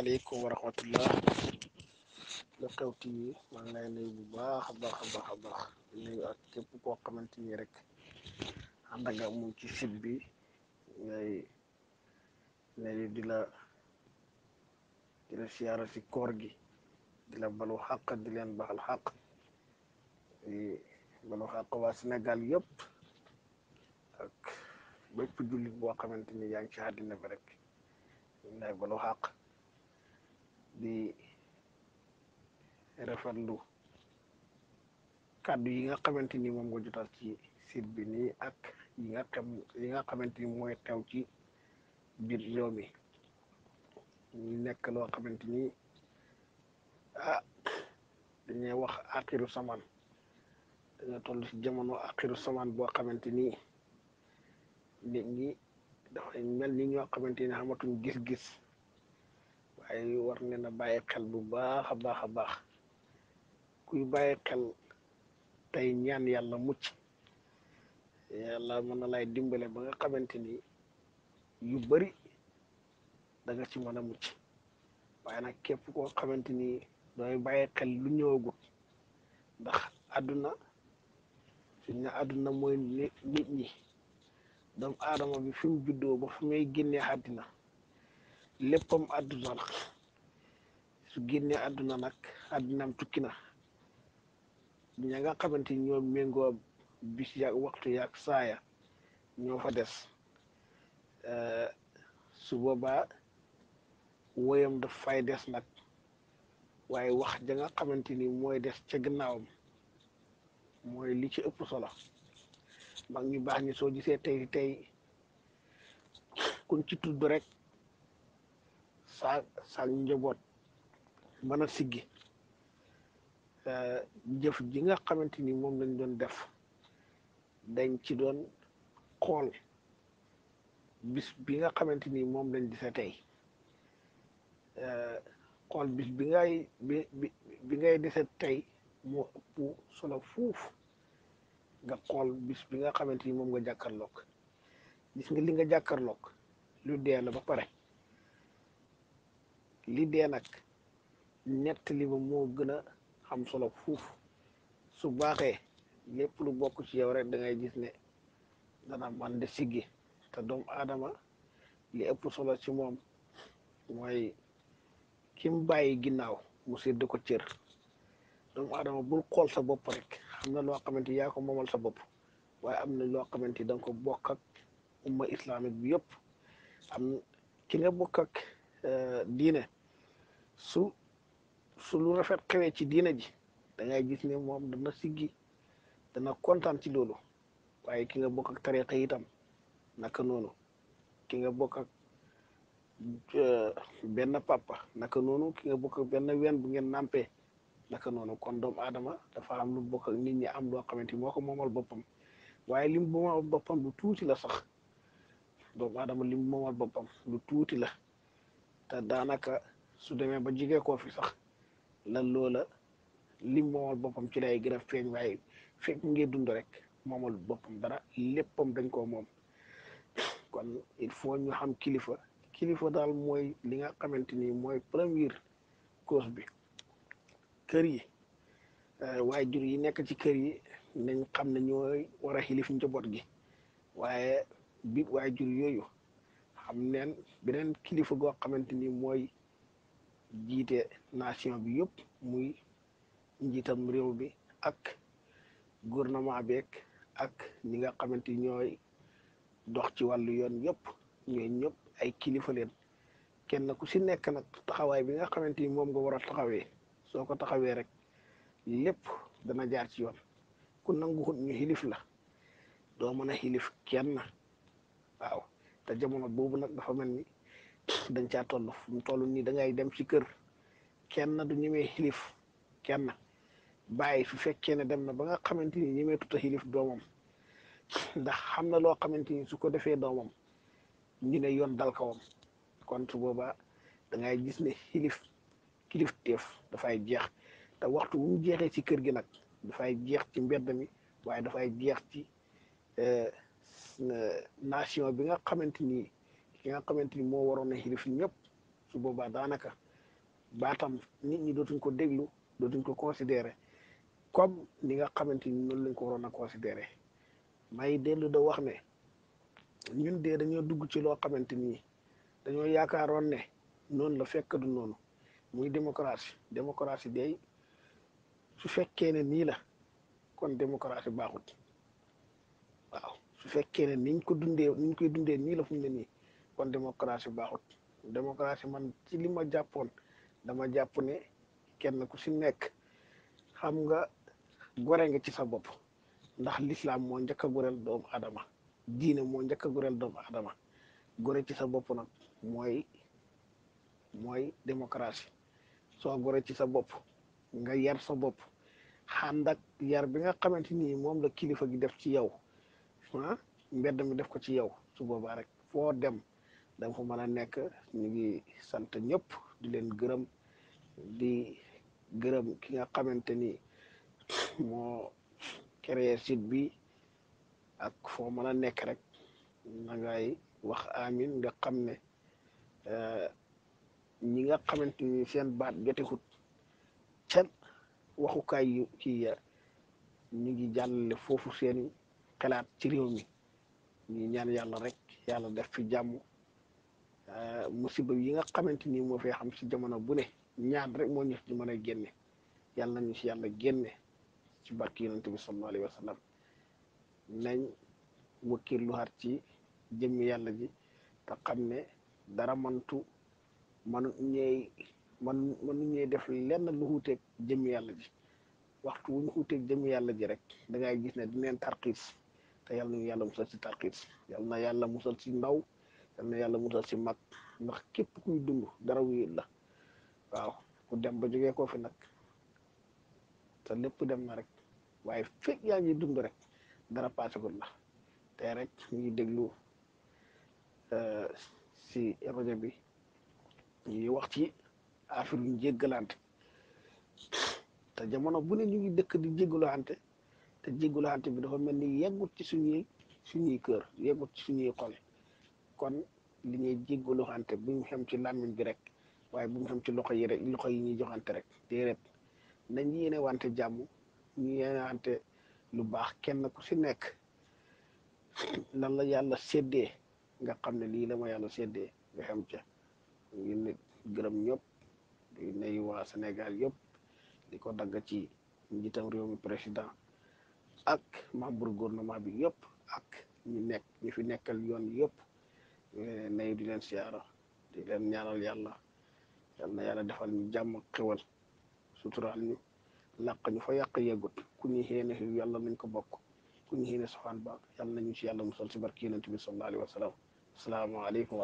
asalaamaaleykum wa rahmatullah Lu Xew TV maa ngi lay bu baax a baax a baax a baax ak képp koo xamante ni rek ànd ak mu ci site bi ngay nuyu di la di la siyaara si koor gi di la balu xàq di leen baxal xàq di balu xàq waa Sénégal yëpp ak bépp jullit boo xamante ni yaa ngi ci àddina bi rek ñu lay balu xàq di lu kàddu yi nga xamante ni moom nga jotal ci site bi nii ak yi nga xam xamante ni mooy teew ci biir réew mi ñu nekk loo xamante ni ah dañuy wax axiru samaan dañoo toll ci jamono axiru samaan boo xamante ni nit ñi dafay mel ni ñoo xamante ni xamatuñ gis-gis ay war ne na bàyyi xel bu baax a baax a baax kuy bàyyi xel tey ñaan yàlla mucc yàlla mën na lay dimbale ba nga xamante ni yu bari da ci mën a mucc waaye nag képp koo xamante ni dooy bàyyi xel lu ñëwagut ndax àdduna fi ne àdduna mooy nit ñi doomu aadama bi fi mu juddoo ba fi muy génnee àddina léppam àdduna la su génnee àdduna nag àddunaam tukki na ña nga xamante ni ñoom méngoo bis yaag waxtu yaag saaya ñoo fa des eh, su boobaa woyam daf fay des nag waaye wax ja nga xamante ni mooy des ca gannaawam mooy li ci ëpp sola mag ñu baax ñi soo gisee tey tey kun ci tudd rek saa saal ñu njaboot mën a siggi jëf ji nga xamante ni moom lañ doon def dañ ci doon xool bis bi nga xamante ni moom lañ di sa tey xool bis bi ngay bi bi ngay dese tey moo ëpp solo fuuf nga xool bis bi nga xamante ni moom nga jàkkarloog gis nga li nga jàkkarloog lu dee la ba pare li dee nag nettali ba moo gën a xam solo fuuf su baaxee lépp lu bokk ci yow rek da ngay gis ne dana man de siggi te doomu aadama li ëpp solo ci moom mooy kim bàyyi ginnaaw mu sédd ko cër doomu aadama bul xool sa bopp rek xam na loo xamante yaa ko moomal sa bopp waaye am na loo xamante da nga ko bokk ak umma bi yëpp am ki nga eh, diine su su lu rafet xewee ci diina ji dangay ngay gis ne moom dana siggi dana kontaan ci loolu waaye ki nga bokk ak tariqa naka noonu ki nga bokk ak benn papa naka noonu ki nga bokk ak benn ween bu ngeen nampee naka noonu kon doom aadama dafa am lu bokk ak nit ñi am loo xamante ni moo ko moomal boppam waaye lim moomal boppam lu tuuti la sax doomu aadama lim moomal boppam lu tuuti la te su demee ba jigee koo fi sax lan loola lim moomal boppam ci lay gën a feeñ waaye fekk ngir dund rek moomal boppam dara léppam dañ koo moom kon il faut ñu xam kilifa kilifa daal mooy li nga xamante ni mooy première cause bi kër yi euh, waaye jur yi nekk ci kër yi nañ xam ne ñooy war a xilif njaboot gi waaye bi waaye jur yooyu xam neen beneen kilifa goo xamante ni mooy jiite nation bi yëpp muy njiitam réew bi ak gouvernement beeg ak ñi nga xamante ñooy dox ci wàllu yoon yëpp ñooy ñëpp ay kilifa leen kenn ku si nekk nag taxawaay bi nga xamante ni moom nga war a taxawee soo ko taxawee rek lépp dana jaar ci yoon ku nangu xut ñu xilif la doo mën a xilif kenn waaw te jamono boobu nag dafa mel ni dañ caa toll fu mu toll nii da ngay dem ci kër kenn du ñemee xilif kenn bàyyi su fekkee ne dem na ba nga xamante ni ñemee tuta xilif doomam ndax xam na loo xamante ni su ko defee doomam ñu ne yoon dal kawam kon su boobaa da ngay gis ne xilif kilifteef dafay jeex te waxtu wu mu jeexee ci kër gi nag dafay jeex ci mbedd mi waaye dafay jeex ci euh, euh, nation bi nga xamante ni. ki nga xamante ni moo waroon a xirif ñëpp su boobaa daanaka baatam nit ñi dootuñ ko déglu dootuñ ko considéré comme ni nga xamante ni noonu lañ ko waroon a considéré may dellu da wax ne ñun dee dañoo dugg ci loo xamante ni dañoo yaakaaroon ne noonu la fekk du noonu muy démocratie démocratie day su fekkee ne nii la kon démocratie baaxut waaw su fekkee ne niñ ko dundee niñ koy dundee nii la fu ne nii kon démocratie baaxut démocratie man ci li ma jàppoon dama jàpp ne kenn ku si nekk xam nga gore nga ci sa bopp ndax lislaam moo njëkk a goreel doomu adama diine moo njëkk a goreel doomu adama gore ci sa bopp nag mooy mooy démocratie soo gore ci sa bopp nga yar sa bopp xànd ak yar bi nga xamante ni moom la kilifa gi def ci yow ah mbedd mi def ko ci yow su boobaa rek foo dem da ko mën a nekk ñu ngi sant ñëpp di leen gërëm di gërëm ki nga xamante ni moo créé site bi ak foo mën a nekk rek na ngay wax amin nga xam ne eh, ñi nga xamante ni seen baat jotixut can waxukaay yu ci ñu ngi jàllale foofu seen xalaat ci réew mi ñu ñaan yàlla rek yàlla def fi jàmm Euh, musiba yi nga xamante ni moo fee xam ci jamono bu ne ñaan rek moo ñu ci mën a génne yàlla nañu si yàlla génne ci barki yonent bi sallallahu alayhi wa sallam nañ xar ci jëmmi yàlla ji ta xam ne dara mantu manu ñëy man manu ñëy def lenn lu xuuteeg jëmmi yàlla ji waxtu wuñ xuuteeg jëmmi yàlla ji rek da ngay gis ne dineen tarxiis te yàlla nañu yàlla musal ci tarxiis yàlla na yàlla musal ci ndaw yal na yàlla musal ci mag ndax képp kuy dund dara wéet la waaw ku dem ba jógee koo fi nag te lépp dem na rek waaye fekk yaa ngi dund rek dara paasagul la te rek ñuy déglu euh, si rajo bi ñuy wax ci affaire yu jéggalante te jamono bu ne ñu ngi dëkk di jéggulaante te jéggulaante bi dafa mel ni yeggut ci suñuy suñuy kër yeggut ci suñuy xol kon li ñuy jéggalu xante bu ñu xam ci làmmiñ bi rek waaye bu ñu xam ci loxo yi rek loxo yi ñuy joxante rek déedéet nañ yéene wante jàmm ñu yéene wante lu baax kenn ku ci nekk lan la yàlla séddee nga xam ne lii la ma yàlla séddee nga xam ca ñu ne gërëm ñëpp di nuyu waa yëpp di ko dagg ci njiitam réew mi président ak membre gouvernement bi yëpp ak ñu nekk ñu fi nekkal yoon yëpp nay di leen siyaara di leen ñaanal yàlla yal na yàlla defal ñu jàmm xewal suturaal ñu làq ñu fa yàq yeggut ku ñu xéene xiw yàlla nañ ko bokk ku ñu xéene sofaan ba yàlla nañu ci yàlla musal ci barki yonent bi sallallahu alayhi wa sallam asalaamaaleykum